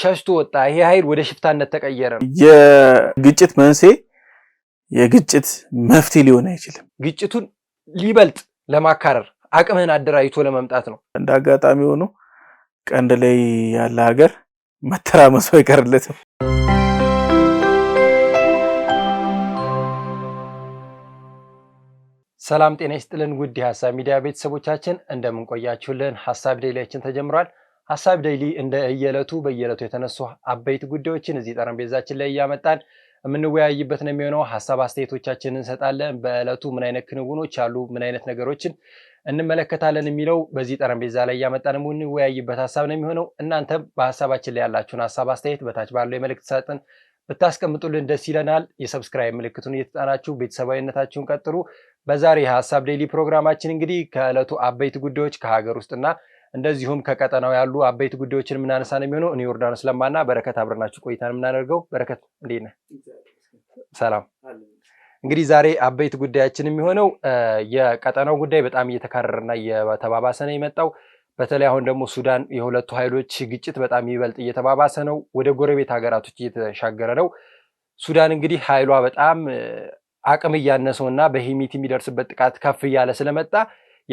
ሸሽቶ ወጣ። ይሄ ኃይል ወደ ሽፍታነት ተቀየረ። የግጭት መንስኤ የግጭት መፍትሄ ሊሆን አይችልም። ግጭቱን ሊበልጥ ለማካረር አቅምህን አደራጅቶ ለመምጣት ነው። እንደ አጋጣሚ ሆኖ ቀንድ ላይ ያለ ሀገር መተራመሱ አይቀርለትም። ሰላም ጤና ይስጥልን ውድ የሀሳብ ሚዲያ ቤተሰቦቻችን እንደምንቆያችሁልን፣ ሀሳብ ዴይሊያችን ተጀምሯል። ሀሳብ ዴይሊ እንደ እየለቱ በየለቱ የተነሱ አበይት ጉዳዮችን እዚህ ጠረጴዛችን ላይ እያመጣን የምንወያይበት ነው የሚሆነው። ሀሳብ አስተያየቶቻችን እንሰጣለን። በዕለቱ ምን አይነት ክንውኖች አሉ፣ ምን አይነት ነገሮችን እንመለከታለን የሚለው በዚህ ጠረጴዛ ላይ እያመጣን የምንወያይበት ሀሳብ ነው የሚሆነው። እናንተም በሀሳባችን ላይ ያላችሁን ሀሳብ አስተያየት በታች ባለው የመልእክት ሳጥን ብታስቀምጡልን ደስ ይለናል። የሰብስክራይብ ምልክቱን እየተጫናችሁ ቤተሰባዊነታችሁን ቀጥሉ። በዛሬ ሀሳብ ዴይሊ ፕሮግራማችን እንግዲህ ከዕለቱ አበይት ጉዳዮች ከሀገር ውስጥና እንደዚሁም ከቀጠናው ያሉ አበይት ጉዳዮችን የምናነሳ ነው የሚሆነው። እኔ ዮርዳኖስ ለማና በረከት አብረናችሁ ቆይታን የምናደርገው። በረከት እንዴት ነህ? ሰላም። እንግዲህ ዛሬ አበይት ጉዳያችን የሚሆነው የቀጠናው ጉዳይ በጣም እየተካረረና እየተባባሰ ነው የመጣው። በተለይ አሁን ደግሞ ሱዳን የሁለቱ ኃይሎች ግጭት በጣም ይበልጥ እየተባባሰ ነው፣ ወደ ጎረቤት ሀገራቶች እየተሻገረ ነው። ሱዳን እንግዲህ ኃይሏ በጣም አቅም እያነሰውና በሂሚቲ የሚደርስበት ጥቃት ከፍ እያለ ስለመጣ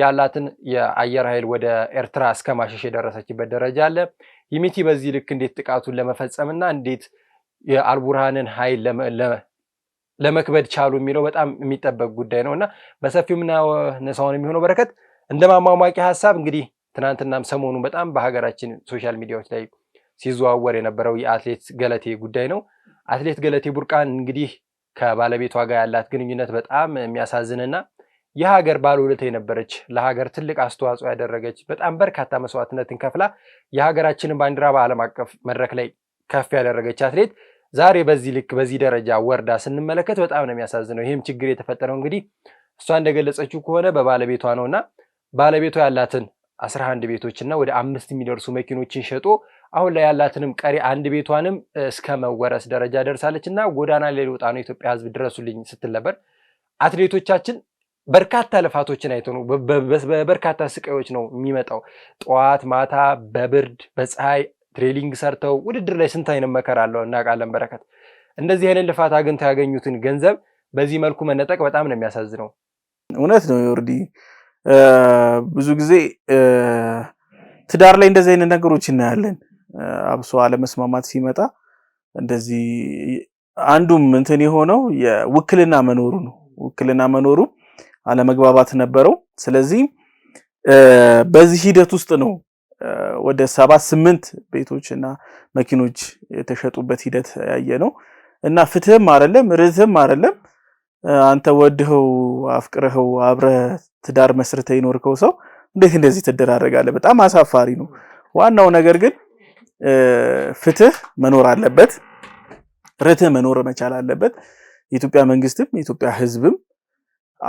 ያላትን የአየር ኃይል ወደ ኤርትራ እስከ ማሸሽ የደረሰችበት ደረጃ አለ። ሂሚቲ በዚህ ልክ እንዴት ጥቃቱን እና እንዴት የአልቡርሃንን ኃይል ለመክበድ ቻሉ የሚለው በጣም የሚጠበቅ ጉዳይ ነው እና በሰፊው ምናነሳውን የሚሆነው በረከት እንደ ማሟሟቂ ሀሳብ እንግዲህ ትናንትናም ሰሞኑ በጣም በሀገራችን ሶሻል ሚዲያዎች ላይ ሲዘዋወር የነበረው የአትሌት ገለቴ ጉዳይ ነው። አትሌት ገለቴ ቡርቃን እንግዲህ ከባለቤቷ ጋር ያላት ግንኙነት በጣም የሚያሳዝንና የሀገር ባለውለታ የነበረች ለሀገር ትልቅ አስተዋጽኦ ያደረገች በጣም በርካታ መስዋዕትነትን ከፍላ የሀገራችንን ባንዲራ በዓለም አቀፍ መድረክ ላይ ከፍ ያደረገች አትሌት ዛሬ በዚህ ልክ በዚህ ደረጃ ወርዳ ስንመለከት በጣም ነው የሚያሳዝነው። ይህም ችግር የተፈጠረው እንግዲህ እሷ እንደገለጸችው ከሆነ በባለቤቷ ነው እና ባለቤቷ ያላትን አስራ አንድ ቤቶች እና ወደ አምስት የሚደርሱ መኪኖችን ሸጦ አሁን ላይ ያላትንም ቀሪ አንድ ቤቷንም እስከ መወረስ ደረጃ ደርሳለች እና ጎዳና ላይ ልወጣ ነው የኢትዮጵያ ሕዝብ ድረሱልኝ ስትል ነበር። አትሌቶቻችን በርካታ ልፋቶችን አይቶ ነው በበርካታ ስቃዮች ነው የሚመጣው። ጠዋት ማታ፣ በብርድ በፀሐይ ትሬኒንግ ሰርተው ውድድር ላይ ስንት አይነት መከራ አለው እናውቃለን። በረከት እንደዚህ አይነት ልፋት አግኝተው ያገኙትን ገንዘብ በዚህ መልኩ መነጠቅ በጣም ነው የሚያሳዝነው። እውነት ነው ዮርዲ። ብዙ ጊዜ ትዳር ላይ እንደዚህ አይነት ነገሮች እናያለን። አብሶ አለመስማማት ሲመጣ እንደዚህ አንዱም እንትን የሆነው የውክልና መኖሩ ነው። ውክልና መኖሩ አለመግባባት ነበረው። ስለዚህ በዚህ ሂደት ውስጥ ነው ወደ ሰባት ስምንት ቤቶች እና መኪኖች የተሸጡበት ሂደት ያየ ነው እና ፍትህም አይደለም ርትህም አይደለም። አንተ ወድኸው አፍቅረኸው አብረህ ትዳር መስርተ ይኖርከው ሰው እንዴት እንደዚህ ትደራረጋለህ? በጣም አሳፋሪ ነው። ዋናው ነገር ግን ፍትህ መኖር አለበት፣ ርትህ መኖር መቻል አለበት። የኢትዮጵያ መንግስትም የኢትዮጵያ ህዝብም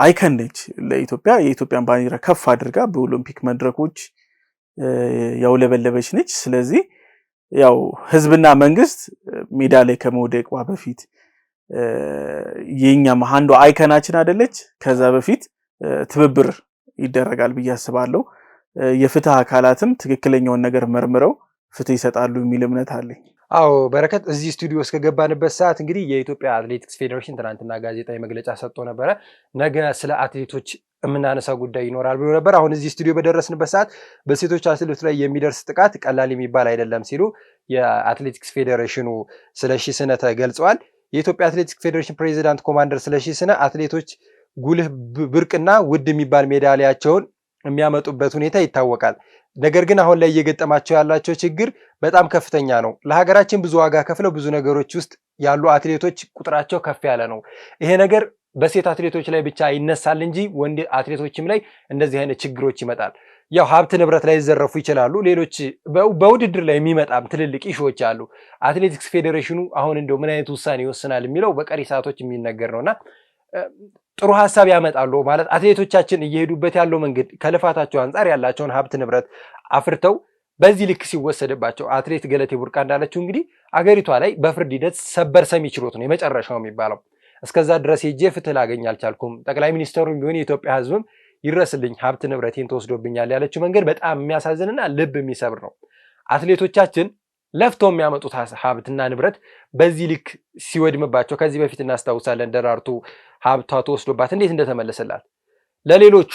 አይከን ነች ለኢትዮጵያ። የኢትዮጵያን ባንዲራ ከፍ አድርጋ በኦሎምፒክ መድረኮች ያውለበለበች ነች። ስለዚህ ያው ህዝብና መንግስት ሜዳ ላይ ከመውደቋ በፊት የኛም አንዷ አይከናችን አደለች። ከዛ በፊት ትብብር ይደረጋል ብዬ አስባለሁ። የፍትህ አካላትም ትክክለኛውን ነገር መርምረው ፍትህ ይሰጣሉ የሚል እምነት አለኝ። አዎ በረከት፣ እዚህ ስቱዲዮ እስከገባንበት ሰዓት እንግዲህ የኢትዮጵያ አትሌቲክስ ፌዴሬሽን ትናንትና ጋዜጣዊ መግለጫ ሰጥቶ ነበረ። ነገ ስለ አትሌቶች የምናነሳ ጉዳይ ይኖራል ብሎ ነበር። አሁን እዚህ ስቱዲዮ በደረስንበት ሰዓት በሴቶች አትሌቶች ላይ የሚደርስ ጥቃት ቀላል የሚባል አይደለም ሲሉ የአትሌቲክስ ፌዴሬሽኑ ስለሺ ስነ ተገልጸዋል። የኢትዮጵያ አትሌቲክስ ፌዴሬሽን ፕሬዚዳንት ኮማንደር ስለሺ ስነ አትሌቶች ጉልህ ብርቅና ውድ የሚባል ሜዳሊያቸውን የሚያመጡበት ሁኔታ ይታወቃል። ነገር ግን አሁን ላይ እየገጠማቸው ያላቸው ችግር በጣም ከፍተኛ ነው። ለሀገራችን ብዙ ዋጋ ከፍለው ብዙ ነገሮች ውስጥ ያሉ አትሌቶች ቁጥራቸው ከፍ ያለ ነው። ይሄ ነገር በሴት አትሌቶች ላይ ብቻ ይነሳል እንጂ ወንድ አትሌቶችም ላይ እንደዚህ አይነት ችግሮች ይመጣል። ያው ሀብት ንብረት ላይ ይዘረፉ ይችላሉ። ሌሎች በውድድር ላይ የሚመጣም ትልልቅ ኢሾዎች አሉ። አትሌቲክስ ፌዴሬሽኑ አሁን እንደው ምን አይነት ውሳኔ ይወስናል የሚለው በቀሪ ሰዓቶች የሚነገር ነውና ጥሩ ሀሳብ ያመጣሉ ማለት አትሌቶቻችን እየሄዱበት ያለው መንገድ ከልፋታቸው አንጻር ያላቸውን ሀብት ንብረት አፍርተው በዚህ ልክ ሲወሰድባቸው አትሌት ገለቴ ቡርቃ እንዳለችው እንግዲህ አገሪቷ ላይ በፍርድ ሂደት ሰበር ሰሚ ችሎት ነው የመጨረሻው የሚባለው። እስከዛ ድረስ ሄጄ ፍትህ ላገኝ አልቻልኩም፣ ጠቅላይ ሚኒስተሩም ቢሆን የኢትዮጵያ ሕዝብም ይድረስልኝ፣ ሀብት ንብረቴን ተወስዶብኛል ያለችው መንገድ በጣም የሚያሳዝንና ልብ የሚሰብር ነው። አትሌቶቻችን ለፍተው የሚያመጡት ሀብትና ንብረት በዚህ ልክ ሲወድምባቸው ከዚህ በፊት እናስታውሳለን። ደራርቱ ሀብቷ ተወስዶባት እንዴት እንደተመለሰላት ለሌሎቹ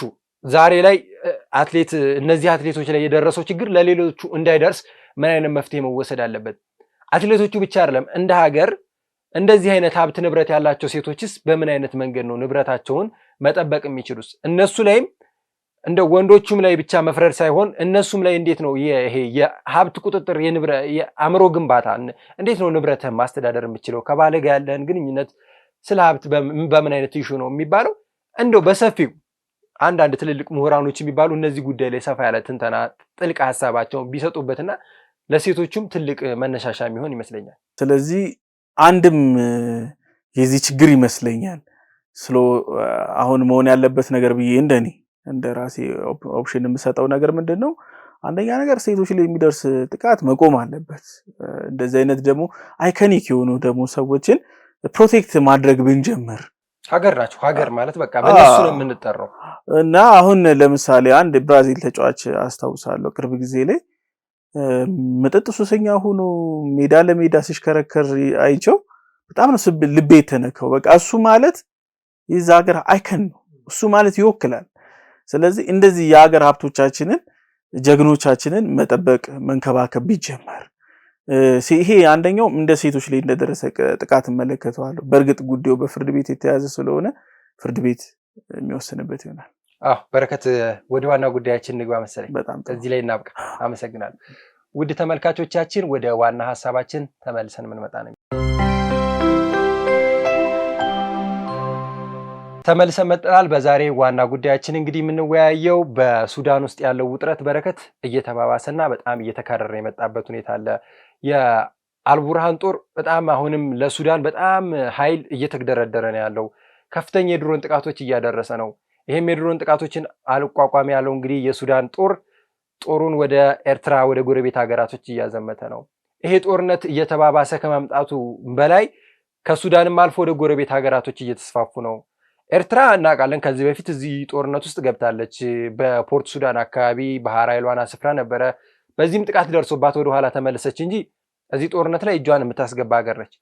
ዛሬ ላይ አትሌት እነዚህ አትሌቶች ላይ የደረሰው ችግር ለሌሎቹ እንዳይደርስ ምን አይነት መፍትሄ መወሰድ አለበት? አትሌቶቹ ብቻ አይደለም፣ እንደ ሀገር እንደዚህ አይነት ሀብት ንብረት ያላቸው ሴቶችስ በምን አይነት መንገድ ነው ንብረታቸውን መጠበቅ የሚችሉስ? እነሱ ላይም እንደ ወንዶቹም ላይ ብቻ መፍረድ ሳይሆን እነሱም ላይ እንዴት ነው ይሄ የሀብት ቁጥጥር የአእምሮ ግንባታ እንዴት ነው ንብረትህን ማስተዳደር የምችለው ከባለ ጋር ያለህን ግንኙነት ስለ ሀብት በምን አይነት ይሹ ነው የሚባለው እንደው በሰፊው አንዳንድ ትልልቅ ምሁራኖች የሚባሉ እነዚህ ጉዳይ ላይ ሰፋ ያለ ትንተና ጥልቅ ሀሳባቸውን ቢሰጡበትና ለሴቶቹም ትልቅ መነሻሻ የሚሆን ይመስለኛል። ስለዚህ አንድም የዚህ ችግር ይመስለኛል ስሎ አሁን መሆን ያለበት ነገር ብዬ እንደኔ እንደ ራሴ ኦፕሽን የምሰጠው ነገር ምንድን ነው? አንደኛ ነገር ሴቶች ላይ የሚደርስ ጥቃት መቆም አለበት። እንደዚህ አይነት ደግሞ አይከኒክ የሆኑ ደግሞ ሰዎችን ፕሮቴክት ማድረግ ብንጀምር ሀገር ናቸው። ሀገር ማለት በቃ በነሱ ነው የምንጠራው። እና አሁን ለምሳሌ አንድ ብራዚል ተጫዋች አስታውሳለሁ ቅርብ ጊዜ ላይ መጠጥ ሱሰኛ ሆኖ ሜዳ ለሜዳ ሲሽከረከር አይቸው በጣም ነው ልቤ የተነከው። በቃ እሱ ማለት የዛ ሀገር አይከን ነው፣ እሱ ማለት ይወክላል። ስለዚህ እንደዚህ የሀገር ሀብቶቻችንን ጀግኖቻችንን መጠበቅ መንከባከብ ቢጀመር ይሄ አንደኛው እንደ ሴቶች ላይ እንደደረሰ ጥቃት እመለከተዋለሁ። በእርግጥ ጉዳዩ በፍርድ ቤት የተያዘ ስለሆነ ፍርድ ቤት የሚወስንበት ይሆናል። አዎ በረከት፣ ወደ ዋና ጉዳያችን ንግባ መሰለኝ። በጣም እዚህ ላይ እናብቃ። አመሰግናለሁ። ውድ ተመልካቾቻችን ወደ ዋና ሀሳባችን ተመልሰን ምንመጣ ነው። ተመልሰን መጠናል። በዛሬ ዋና ጉዳያችን እንግዲህ የምንወያየው በሱዳን ውስጥ ያለው ውጥረት በረከት እየተባባሰና በጣም እየተካረረ የመጣበት ሁኔታ አለ። የአልቡርሃን ጦር በጣም አሁንም ለሱዳን በጣም ኃይል እየተደረደረ ነው ያለው። ከፍተኛ የድሮን ጥቃቶች እያደረሰ ነው። ይህም የድሮን ጥቃቶችን አልቋቋም ያለው እንግዲህ የሱዳን ጦር ጦሩን ወደ ኤርትራ ወደ ጎረቤት ሀገራቶች እያዘመተ ነው። ይሄ ጦርነት እየተባባሰ ከማምጣቱ በላይ ከሱዳንም አልፎ ወደ ጎረቤት ሀገራቶች እየተስፋፉ ነው። ኤርትራ እናውቃለን፣ ከዚህ በፊት እዚህ ጦርነት ውስጥ ገብታለች። በፖርት ሱዳን አካባቢ ባህር ኃይል ስፍራ ነበረ በዚህም ጥቃት ደርሶባት ወደ ኋላ ተመለሰች እንጂ እዚህ ጦርነት ላይ እጇን የምታስገባ ሀገር ነች።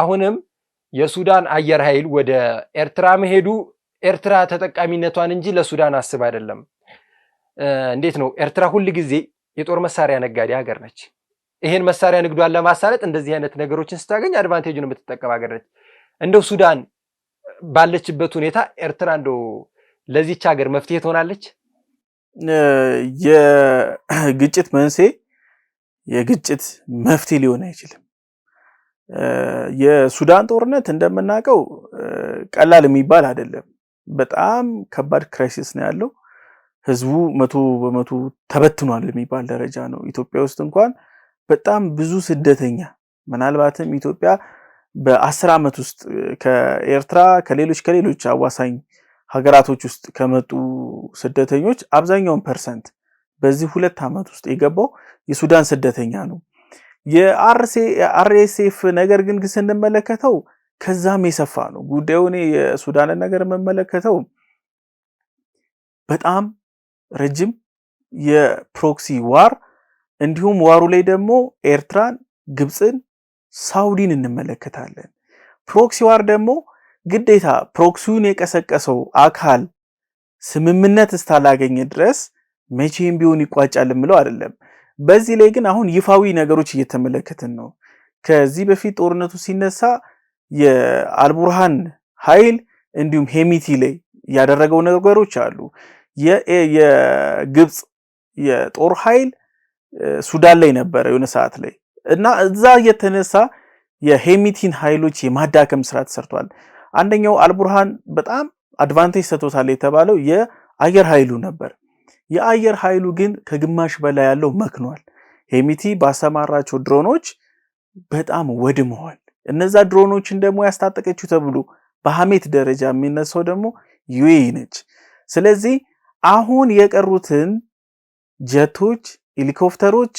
አሁንም የሱዳን አየር ኃይል ወደ ኤርትራ መሄዱ ኤርትራ ተጠቃሚነቷን እንጂ ለሱዳን አስብ አይደለም። እንዴት ነው? ኤርትራ ሁል ጊዜ የጦር መሳሪያ ነጋዴ ሀገር ነች። ይሄን መሳሪያ ንግዷን ለማሳለጥ እንደዚህ አይነት ነገሮችን ስታገኝ ነው የምትጠቀም ሀገር ነች። እንደው ሱዳን ባለችበት ሁኔታ ኤርትራ እንደው ለዚች ሀገር መፍትሄ ትሆናለች? የግጭት መንስኤ የግጭት መፍትሄ ሊሆን አይችልም። የሱዳን ጦርነት እንደምናውቀው ቀላል የሚባል አይደለም። በጣም ከባድ ክራይሲስ ነው ያለው። ህዝቡ መቶ በመቶ ተበትኗል የሚባል ደረጃ ነው። ኢትዮጵያ ውስጥ እንኳን በጣም ብዙ ስደተኛ ምናልባትም ኢትዮጵያ በአስር ዓመት ውስጥ ከኤርትራ ከሌሎች ከሌሎች አዋሳኝ ሀገራቶች ውስጥ ከመጡ ስደተኞች አብዛኛውን ፐርሰንት በዚህ ሁለት ዓመት ውስጥ የገባው የሱዳን ስደተኛ ነው። የአርኤስኤፍ ነገር ግን ስንመለከተው ከዛም የሰፋ ነው ጉዳዩ። እኔ የሱዳንን ነገር የምመለከተው በጣም ረጅም የፕሮክሲ ዋር እንዲሁም ዋሩ ላይ ደግሞ ኤርትራን፣ ግብፅን፣ ሳውዲን እንመለከታለን። ፕሮክሲ ዋር ደግሞ ግዴታ ፕሮክሲውን የቀሰቀሰው አካል ስምምነት እስካላገኘ ድረስ መቼም ቢሆን ይቋጫል የምለው አይደለም። በዚህ ላይ ግን አሁን ይፋዊ ነገሮች እየተመለከትን ነው። ከዚህ በፊት ጦርነቱ ሲነሳ የአልቡርሃን ኃይል እንዲሁም ሄሚቲ ላይ ያደረገው ነገሮች አሉ። የግብፅ የጦር ኃይል ሱዳን ላይ ነበረ የሆነ ሰዓት ላይ እና እዛ እየተነሳ የሄሚቲን ኃይሎች የማዳከም ስራ ተሰርቷል። አንደኛው አልቡርሃን በጣም አድቫንቴጅ ሰጥቶታል የተባለው የአየር ኃይሉ ነበር። የአየር ኃይሉ ግን ከግማሽ በላይ ያለው መክኗል። ሄሚቲ ባሰማራቸው ድሮኖች በጣም ወድመዋል። እነዛ ድሮኖችን ደግሞ ያስታጠቀችው ተብሎ በሐሜት ደረጃ የሚነሳው ደግሞ ዩኤ ነች። ስለዚህ አሁን የቀሩትን ጀቶች፣ ሄሊኮፕተሮች፣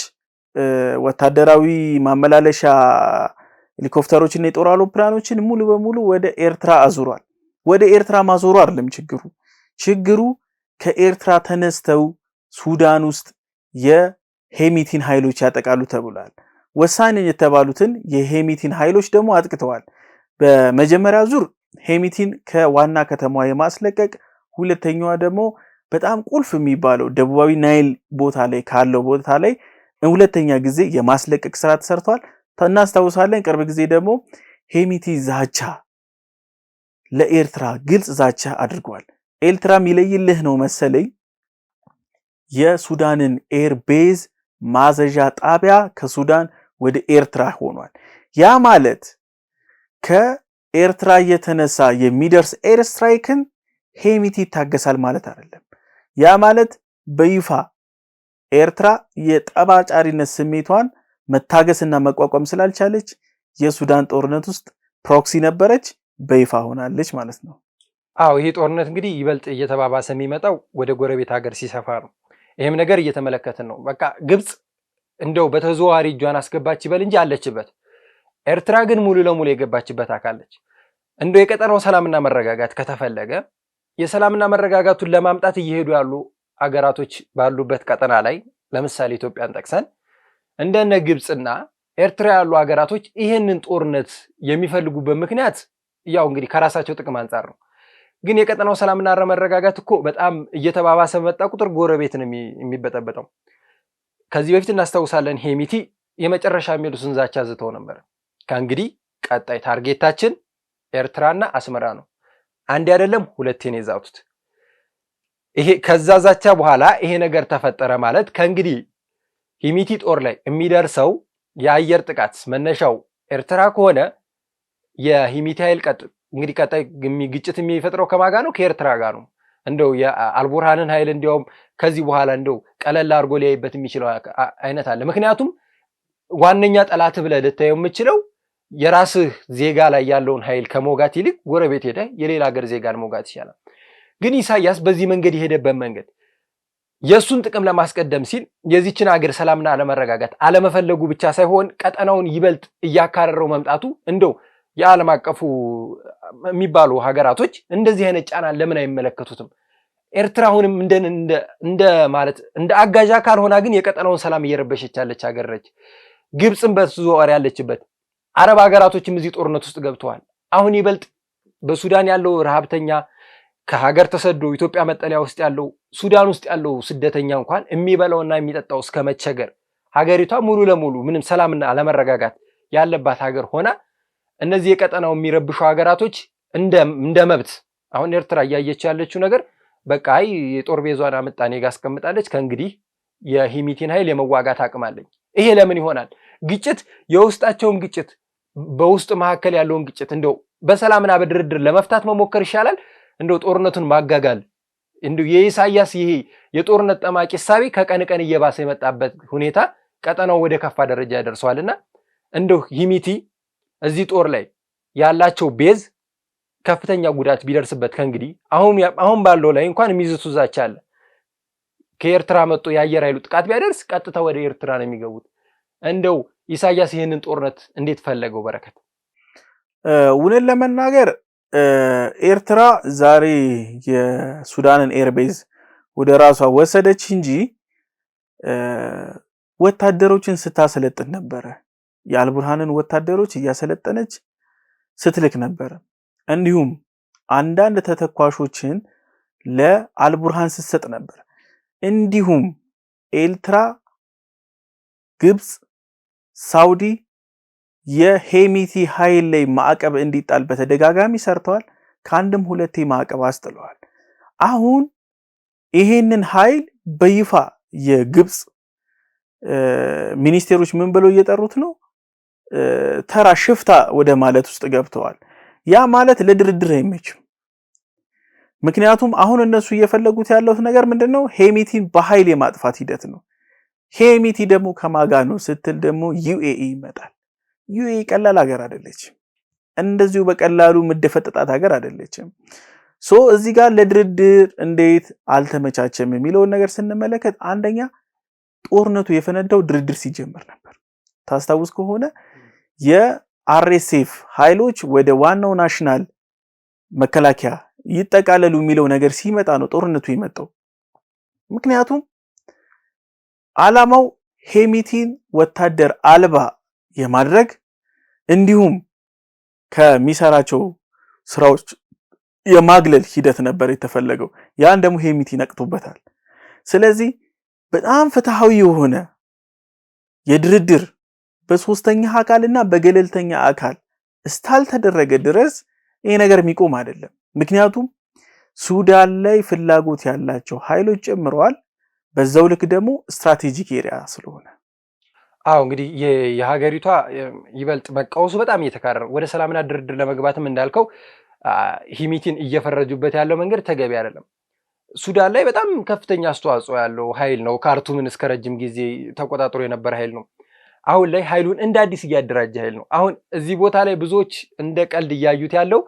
ወታደራዊ ማመላለሻ ሄሊኮፕተሮችና የጦር አውሮፕላኖችን ሙሉ በሙሉ ወደ ኤርትራ አዙሯል። ወደ ኤርትራ ማዞሩ አይደለም ችግሩ። ችግሩ ከኤርትራ ተነስተው ሱዳን ውስጥ የሄሚቲን ኃይሎች ያጠቃሉ ተብሏል። ወሳኝ የተባሉትን የሄሚቲን ኃይሎች ደግሞ አጥቅተዋል። በመጀመሪያ ዙር ሄሚቲን ከዋና ከተማዋ የማስለቀቅ ሁለተኛዋ ደግሞ በጣም ቁልፍ የሚባለው ደቡባዊ ናይል ቦታ ላይ ካለው ቦታ ላይ ሁለተኛ ጊዜ የማስለቀቅ ስራ ተሰርቷል። እናስታውሳለን። ቅርብ ጊዜ ደግሞ ሄሚቲ ዛቻ ለኤርትራ ግልጽ ዛቻ አድርጓል። ኤርትራ የሚለይልህ ነው መሰለኝ የሱዳንን ኤርቤዝ ማዘዣ ጣቢያ ከሱዳን ወደ ኤርትራ ሆኗል። ያ ማለት ከኤርትራ የተነሳ የሚደርስ ስትራይክን ሄሚቲ ይታገሳል ማለት አይደለም። ያ ማለት በይፋ ኤርትራ የጠባጫሪነት ስሜቷን እና መቋቋም ስላልቻለች የሱዳን ጦርነት ውስጥ ፕሮክሲ ነበረች፣ በይፋ ሆናለች ማለት ነው። አዎ ይህ ጦርነት እንግዲህ ይበልጥ እየተባባሰ የሚመጣው ወደ ጎረቤት ሀገር ሲሰፋ ነው። ይህም ነገር እየተመለከትን ነው። በቃ ግብፅ እንደው በተዘዋዋሪ እጇን አስገባች ይበል እንጂ አለችበት። ኤርትራ ግን ሙሉ ለሙሉ የገባችበት አካለች። እንደው የቀጠናው ሰላምና መረጋጋት ከተፈለገ የሰላምና መረጋጋቱን ለማምጣት እየሄዱ ያሉ አገራቶች ባሉበት ቀጠና ላይ ለምሳሌ ኢትዮጵያን ጠቅሰን እንደነ ግብፅና ኤርትራ ያሉ ሀገራቶች ይሄንን ጦርነት የሚፈልጉበት ምክንያት ያው እንግዲህ ከራሳቸው ጥቅም አንጻር ነው። ግን የቀጠናው ሰላምና መረጋጋት እኮ በጣም እየተባባሰ መጣ ቁጥር ጎረቤት ነው የሚበጠበጠው። ከዚህ በፊት እናስታውሳለን፣ ሄሚቲ የመጨረሻ የሚሉ ስንዛቻ ዝተው ነበር። ከእንግዲህ ቀጣይ ታርጌታችን ኤርትራና አስመራ ነው። አንድ አይደለም ሁለቴን የዛቱት። ይሄ ከዛ ዛቻ በኋላ ይሄ ነገር ተፈጠረ ማለት ከእንግዲህ ሂሚቲ ጦር ላይ የሚደርሰው የአየር ጥቃት መነሻው ኤርትራ ከሆነ የሂሚቲ ኃይል እንግዲህ ቀጣይ ግጭት የሚፈጥረው ከማጋ ነው ከኤርትራ ጋር ነው። እንደው የአልቡርሃንን ኃይል እንዲያውም ከዚህ በኋላ እንደው ቀለል አድርጎ ሊያይበት የሚችለው አይነት አለ። ምክንያቱም ዋነኛ ጠላት ብለህ ልታየው የምችለው የራስህ ዜጋ ላይ ያለውን ኃይል ከመውጋት ይልቅ ጎረቤት ሄደህ የሌላ ሀገር ዜጋን መውጋት ይሻላል። ግን ኢሳያስ በዚህ መንገድ የሄደበት መንገድ የእሱን ጥቅም ለማስቀደም ሲል የዚችን ሀገር ሰላምና አለመረጋጋት አለመፈለጉ ብቻ ሳይሆን ቀጠናውን ይበልጥ እያካረረው መምጣቱ እንደው የዓለም አቀፉ የሚባሉ ሀገራቶች እንደዚህ አይነት ጫና ለምን አይመለከቱትም? ኤርትራ አሁንም እንደ ማለት እንደ አጋዥ አካል ሆና ግን የቀጠናውን ሰላም እየረበሸች ያለች ሀገር ነች። ግብፅን በተዘዋዋሪ ያለችበት፣ አረብ ሀገራቶችም እዚህ ጦርነት ውስጥ ገብተዋል። አሁን ይበልጥ በሱዳን ያለው ረሃብተኛ ከሀገር ተሰዶ ኢትዮጵያ መጠለያ ውስጥ ያለው ሱዳን ውስጥ ያለው ስደተኛ እንኳን የሚበላውና የሚጠጣው እስከ መቸገር ሀገሪቷ ሙሉ ለሙሉ ምንም ሰላምና አለመረጋጋት ያለባት ሀገር ሆና እነዚህ የቀጠናው የሚረብሹ ሀገራቶች እንደ መብት አሁን ኤርትራ እያየች ያለችው ነገር በቃ አይ የጦር ቤዟን አምጣ ጋ አስቀምጣለች ከእንግዲህ የሂሚቲን ኃይል የመዋጋት አቅም አለኝ። ይሄ ለምን ይሆናል? ግጭት የውስጣቸውን ግጭት በውስጥ መካከል ያለውን ግጭት እንደው በሰላምና በድርድር ለመፍታት መሞከር ይሻላል። እንደው ጦርነቱን ማጋጋል እንዲሁ የኢሳያስ ይሄ የጦርነት ጠማቂ እሳቤ ከቀን ቀን እየባሰ የመጣበት ሁኔታ ቀጠናው ወደ ከፋ ደረጃ ያደርሰዋልና እንደው ሂሚቲ እዚህ ጦር ላይ ያላቸው ቤዝ ከፍተኛ ጉዳት ቢደርስበት ከእንግዲህ አሁን አሁን ባለው ላይ እንኳን የሚዝቱ ዛቻ አለ። ከኤርትራ መጥቶ የአየር ኃይሉ ጥቃት ቢያደርስ ቀጥታ ወደ ኤርትራ ነው የሚገቡት። እንደው ኢሳያስ ይህንን ጦርነት እንዴት ፈለገው? በረከት እውነት ለመናገር ኤርትራ ዛሬ የሱዳንን ኤርቤዝ ወደ ራሷ ወሰደች እንጂ ወታደሮችን ስታሰለጥን ነበረ። የአልቡርሃንን ወታደሮች እያሰለጠነች ስትልክ ነበረ። እንዲሁም አንዳንድ ተተኳሾችን ለአልቡርሃን ስትሰጥ ነበር። እንዲሁም ኤርትራ፣ ግብፅ፣ ሳውዲ የሄሚቲ ኃይል ላይ ማዕቀብ እንዲጣል በተደጋጋሚ ሰርተዋል። ከአንድም ሁለቴ ማዕቀብ አስጥለዋል። አሁን ይሄንን ኃይል በይፋ የግብፅ ሚኒስቴሮች ምን ብለው እየጠሩት ነው? ተራ ሽፍታ ወደ ማለት ውስጥ ገብተዋል። ያ ማለት ለድርድር አይመችም። ምክንያቱም አሁን እነሱ እየፈለጉት ያለው ነገር ምንድን ነው? ሄሚቲን በኃይል የማጥፋት ሂደት ነው። ሄሚቲ ደግሞ ከማጋ ነው ስትል ደግሞ ዩኤኢ ይመጣል። ዩኤ ቀላል ሀገር አይደለችም። እንደዚሁ በቀላሉ ምደፈጠጣት ሀገር አይደለችም። ሶ እዚህ ጋር ለድርድር እንዴት አልተመቻቸም የሚለውን ነገር ስንመለከት አንደኛ ጦርነቱ የፈነዳው ድርድር ሲጀመር ነበር። ታስታውስ ከሆነ የአርኤስኤፍ ኃይሎች ወደ ዋናው ናሽናል መከላከያ ይጠቃለሉ የሚለው ነገር ሲመጣ ነው ጦርነቱ የመጣው። ምክንያቱም ዓላማው ሄሚቲን ወታደር አልባ የማድረግ እንዲሁም ከሚሰራቸው ስራዎች የማግለል ሂደት ነበር የተፈለገው። ያን ደግሞ ሄሚቲ ይነቅቶበታል። ስለዚህ በጣም ፍትሐዊ የሆነ የድርድር በሶስተኛ አካልና በገለልተኛ አካል እስካልተደረገ ድረስ ይሄ ነገር የሚቆም አይደለም። ምክንያቱም ሱዳን ላይ ፍላጎት ያላቸው ኃይሎች ጨምረዋል። በዛው ልክ ደግሞ ስትራቴጂክ ኤሪያ ስለሆነ አዎ እንግዲህ የሀገሪቷ ይበልጥ መቃወሱ በጣም እየተካረረ ወደ ሰላምና ድርድር ለመግባትም እንዳልከው ሂሚቲን እየፈረጁበት ያለው መንገድ ተገቢ አይደለም። ሱዳን ላይ በጣም ከፍተኛ አስተዋጽኦ ያለው ኃይል ነው። ካርቱምን እስከ ረጅም ጊዜ ተቆጣጥሮ የነበረ ኃይል ነው። አሁን ላይ ኃይሉን እንደ አዲስ እያደራጀ ኃይል ነው። አሁን እዚህ ቦታ ላይ ብዙዎች እንደ ቀልድ እያዩት ያለው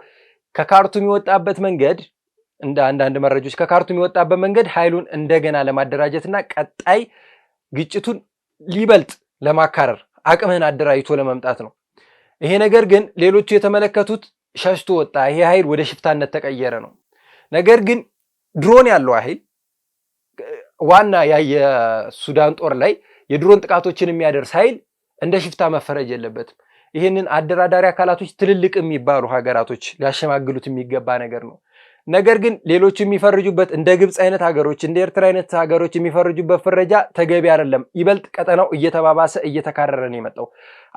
ከካርቱም የወጣበት መንገድ እንደ አንዳንድ መረጆች ከካርቱም የወጣበት መንገድ ኃይሉን እንደገና ለማደራጀት እና ቀጣይ ግጭቱን ሊበልጥ ለማካረር አቅምህን አደራጅቶ ለመምጣት ነው። ይሄ ነገር ግን ሌሎቹ የተመለከቱት ሸሽቶ ወጣ፣ ይሄ ኃይል ወደ ሽፍታነት ተቀየረ ነው። ነገር ግን ድሮን ያለው ኃይል ዋና የሱዳን ጦር ላይ የድሮን ጥቃቶችን የሚያደርስ ኃይል እንደ ሽፍታ መፈረጅ የለበትም። ይህንን አደራዳሪ አካላቶች ትልልቅ የሚባሉ ሀገራቶች ሊያሸማግሉት የሚገባ ነገር ነው። ነገር ግን ሌሎች የሚፈርጁበት እንደ ግብፅ አይነት ሀገሮች እንደ ኤርትራ አይነት ሀገሮች የሚፈርጁበት ፍረጃ ተገቢ አይደለም። ይበልጥ ቀጠናው እየተባባሰ እየተካረረ ነው የመጣው።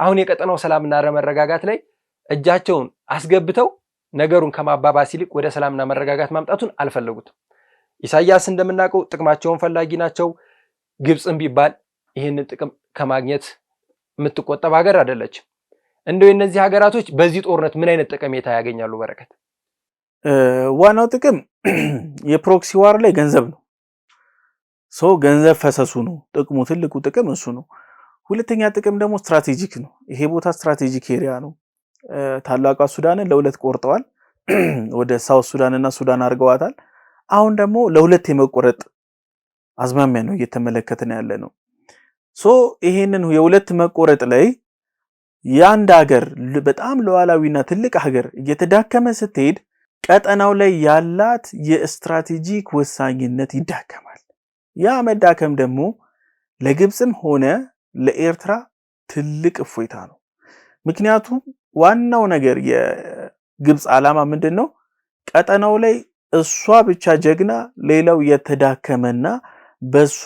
አሁን የቀጠናው ሰላምና መረጋጋት ላይ እጃቸውን አስገብተው ነገሩን ከማባባስ ይልቅ ወደ ሰላምና መረጋጋት ማምጣቱን አልፈለጉትም። ኢሳያስ እንደምናውቀው ጥቅማቸውን ፈላጊ ናቸው። ግብፅም ቢባል ይህንን ጥቅም ከማግኘት የምትቆጠብ ሀገር አይደለችም። እንደው የእነዚህ ሀገራቶች በዚህ ጦርነት ምን አይነት ጠቀሜታ ያገኛሉ? በረከት ዋናው ጥቅም የፕሮክሲ ዋር ላይ ገንዘብ ነው። ሶ ገንዘብ ፈሰሱ ነው ጥቅሙ፣ ትልቁ ጥቅም እሱ ነው። ሁለተኛ ጥቅም ደግሞ ስትራቴጂክ ነው። ይሄ ቦታ ስትራቴጂክ ኤሪያ ነው። ታላቋ ሱዳንን ለሁለት ቆርጠዋል። ወደ ሳውት ሱዳን እና ሱዳን አድርገዋታል። አሁን ደግሞ ለሁለት የመቆረጥ አዝማሚያ ነው እየተመለከትን ያለ ነው። ሶ ይሄንን የሁለት መቆረጥ ላይ የአንድ ሀገር በጣም ሉዓላዊና ትልቅ ሀገር እየተዳከመ ስትሄድ ቀጠናው ላይ ያላት የስትራቴጂክ ወሳኝነት ይዳከማል። ያ መዳከም ደግሞ ለግብፅም ሆነ ለኤርትራ ትልቅ እፎይታ ነው። ምክንያቱም ዋናው ነገር የግብፅ ዓላማ ምንድን ነው? ቀጠናው ላይ እሷ ብቻ ጀግና፣ ሌላው የተዳከመና በእሷ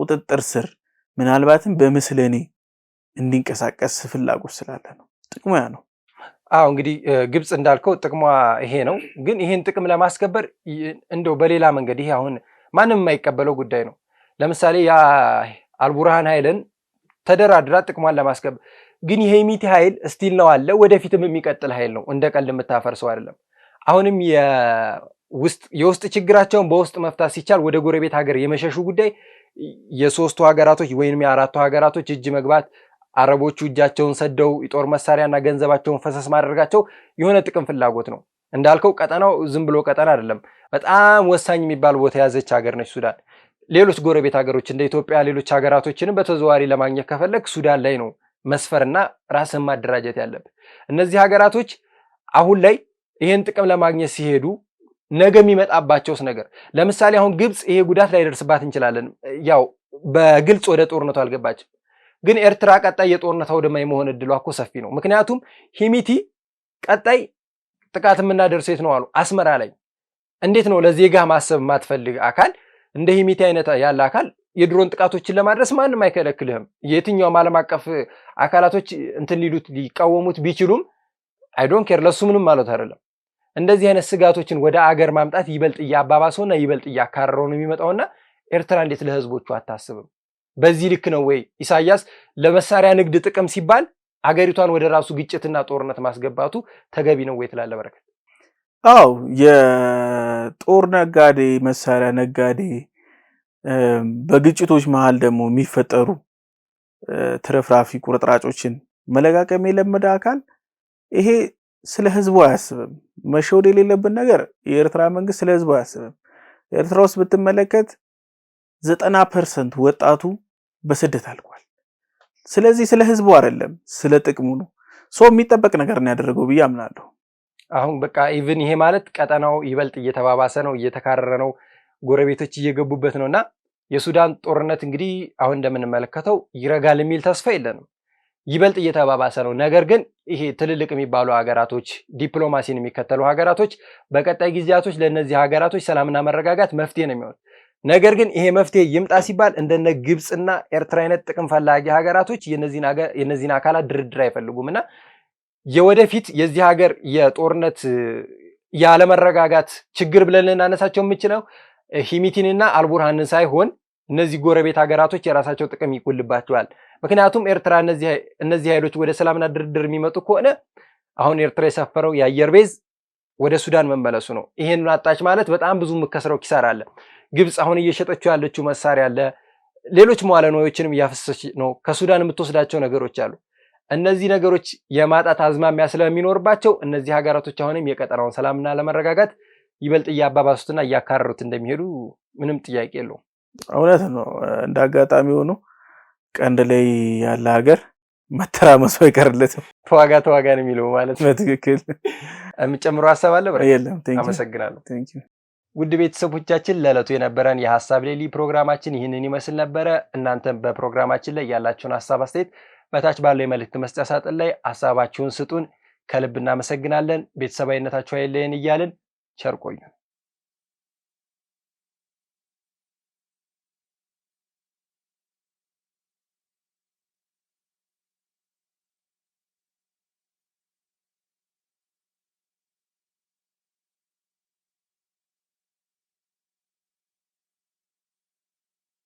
ቁጥጥር ስር ምናልባትም በምስለኔ እንዲንቀሳቀስ ፍላጎት ስላለ ነው። ጥቅሙ ያ ነው። አዎ እንግዲህ ግብፅ እንዳልከው ጥቅሟ ይሄ ነው። ግን ይሄን ጥቅም ለማስከበር እንደው በሌላ መንገድ ይሄ አሁን ማንም የማይቀበለው ጉዳይ ነው። ለምሳሌ ያ አልቡርሃን ኃይልን ተደራድራ ጥቅሟን ለማስከበር ግን ይሄ ሚቲ ኃይል እስቲል ነው አለ ወደፊትም የሚቀጥል ኃይል ነው። እንደ ቀልድ የምታፈርሰው አይደለም። አሁንም የውስጥ ችግራቸውን በውስጥ መፍታት ሲቻል ወደ ጎረቤት ሀገር የመሸሹ ጉዳይ የሶስቱ ሀገራቶች ወይም የአራቱ ሀገራቶች እጅ መግባት አረቦቹ እጃቸውን ሰደው የጦር መሳሪያና ገንዘባቸውን ፈሰስ ማድረጋቸው የሆነ ጥቅም ፍላጎት ነው። እንዳልከው ቀጠናው ዝም ብሎ ቀጠና አይደለም። በጣም ወሳኝ የሚባል ቦታ የያዘች ሀገር ነች ሱዳን። ሌሎች ጎረቤት ሀገሮች እንደ ኢትዮጵያ፣ ሌሎች ሀገራቶችንም በተዘዋዋሪ ለማግኘት ከፈለግ ሱዳን ላይ ነው መስፈርና ራስን ማደራጀት ያለብህ። እነዚህ ሀገራቶች አሁን ላይ ይህን ጥቅም ለማግኘት ሲሄዱ ነገ የሚመጣባቸውስ ነገር ለምሳሌ አሁን ግብፅ ይሄ ጉዳት ላይደርስባት እንችላለን። ያው በግልጽ ወደ ጦርነቱ አልገባችም። ግን ኤርትራ ቀጣይ የጦርነት አውድማ የመሆን እድሏ እኮ ሰፊ ነው። ምክንያቱም ሂሚቲ ቀጣይ ጥቃት የምናደርሰው የት ነው አሉ አስመራ ላይ። እንዴት ነው ለዜጋ ማሰብ የማትፈልግ አካል እንደ ሂሚቲ አይነት ያለ አካል የድሮን ጥቃቶችን ለማድረስ ማንም አይከለክልህም። የትኛውም ዓለም አቀፍ አካላቶች እንትን ሊሉት ሊቃወሙት ቢችሉም አይዶን ኬር ለሱ ምንም ማለት አይደለም። እንደዚህ አይነት ስጋቶችን ወደ አገር ማምጣት ይበልጥ እያባባሰውና ይበልጥ እያካረረው ነው የሚመጣውና ኤርትራ እንዴት ለህዝቦቹ አታስብም? በዚህ ልክ ነው ወይ ኢሳያስ ለመሳሪያ ንግድ ጥቅም ሲባል አገሪቷን ወደ ራሱ ግጭትና ጦርነት ማስገባቱ ተገቢ ነው ወይ ትላለህ በረከት? አው የጦር ነጋዴ መሳሪያ ነጋዴ በግጭቶች መሀል ደግሞ የሚፈጠሩ ትርፍራፊ ቁርጥራጮችን መለቃቀም የለመደ አካል ይሄ ስለ ህዝቡ አያስብም። መሸወድ የሌለብን ነገር የኤርትራ መንግስት ስለ ህዝቡ አያስብም። ኤርትራ ውስጥ ብትመለከት ዘጠና ፐርሰንት ወጣቱ በስደት አልቋል። ስለዚህ ስለ ህዝቡ አይደለም ስለ ጥቅሙ ነው። ሰው የሚጠበቅ ነገር ነው ያደረገው ብዬ አምናለሁ። አሁን በቃ ኢቭን ይሄ ማለት ቀጠናው ይበልጥ እየተባባሰ ነው፣ እየተካረረ ነው፣ ጎረቤቶች እየገቡበት ነው እና የሱዳን ጦርነት እንግዲህ አሁን እንደምንመለከተው ይረጋል የሚል ተስፋ የለንም። ይበልጥ እየተባባሰ ነው። ነገር ግን ይሄ ትልልቅ የሚባሉ ሀገራቶች፣ ዲፕሎማሲን የሚከተሉ ሀገራቶች በቀጣይ ጊዜያቶች ለእነዚህ ሀገራቶች ሰላምና መረጋጋት መፍትሄ ነው የሚሆን ነገር ግን ይሄ መፍትሄ ይምጣ ሲባል እንደነ ግብፅና ኤርትራ አይነት ጥቅም ፈላጊ ሀገራቶች የነዚህን አካላት ድርድር አይፈልጉም እና የወደፊት የዚህ ሀገር የጦርነት ያለመረጋጋት ችግር ብለን ልናነሳቸው የምችለው ሂሚቲንና አልቡርሃንን ሳይሆን እነዚህ ጎረቤት ሀገራቶች የራሳቸው ጥቅም ይጎልባቸዋል። ምክንያቱም ኤርትራ እነዚህ ኃይሎች ወደ ሰላምና ድርድር የሚመጡ ከሆነ አሁን ኤርትራ የሰፈረው የአየር ቤዝ ወደ ሱዳን መመለሱ ነው። ይሄን አጣች ማለት በጣም ብዙ የምከስረው ኪሳራ አለ። ግብፅ አሁን እየሸጠችው ያለችው መሳሪያ አለ። ሌሎች መዋለ ንዋዮችንም እያፈሰች ነው። ከሱዳን የምትወስዳቸው ነገሮች አሉ። እነዚህ ነገሮች የማጣት አዝማሚያ ስለሚኖርባቸው እነዚህ ሀገራቶች አሁንም የቀጠናውን ሰላምና ለመረጋጋት ይበልጥ እያባባሱትና እያካረሩት እንደሚሄዱ ምንም ጥያቄ የለውም። እውነት ነው። እንደ አጋጣሚ ሆኖ ቀንድ ላይ ያለ ሀገር መተራመሱ አይቀርለትም። ተዋጋ ተዋጋ ነው የሚለው ማለት ነው። በትክክል የምጨምረው ሀሳብ አለ? የለም። አመሰግናለሁ። ውድ ቤተሰቦቻችን ለዕለቱ የነበረን የሀሳብ ሌሊ ፕሮግራማችን ይህንን ይመስል ነበረ። እናንተም በፕሮግራማችን ላይ ያላችሁን ሀሳብ አስተያየት በታች ባለው የመልእክት መስጫ ሳጥን ላይ ሀሳባችሁን ስጡን። ከልብ እናመሰግናለን። ቤተሰባዊነታችሁ አይለየን እያልን ቸር ቆዩን።